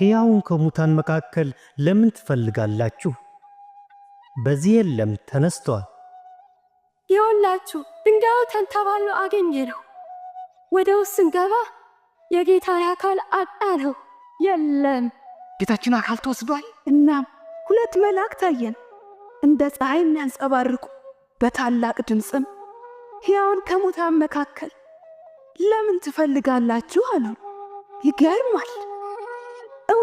ሕያውን ከሙታን መካከል ለምን ትፈልጋላችሁ? በዚህ የለም ተነስቷል። ይኸውላችሁ ድንጋዩ ተንተባሎ ነው። ወደ ውስጥ ስንገባ የጌታ አካል ነው። የለም ጌታችን አካል ተወስዷል። እናም ሁለት መልአክ ታየን፣ እንደ ፀሐይ የሚያንጸባርቁ በታላቅ ድምፅም ሕያውን ከሙታን መካከል ለምን ትፈልጋላችሁ አሉ። ይገርማል።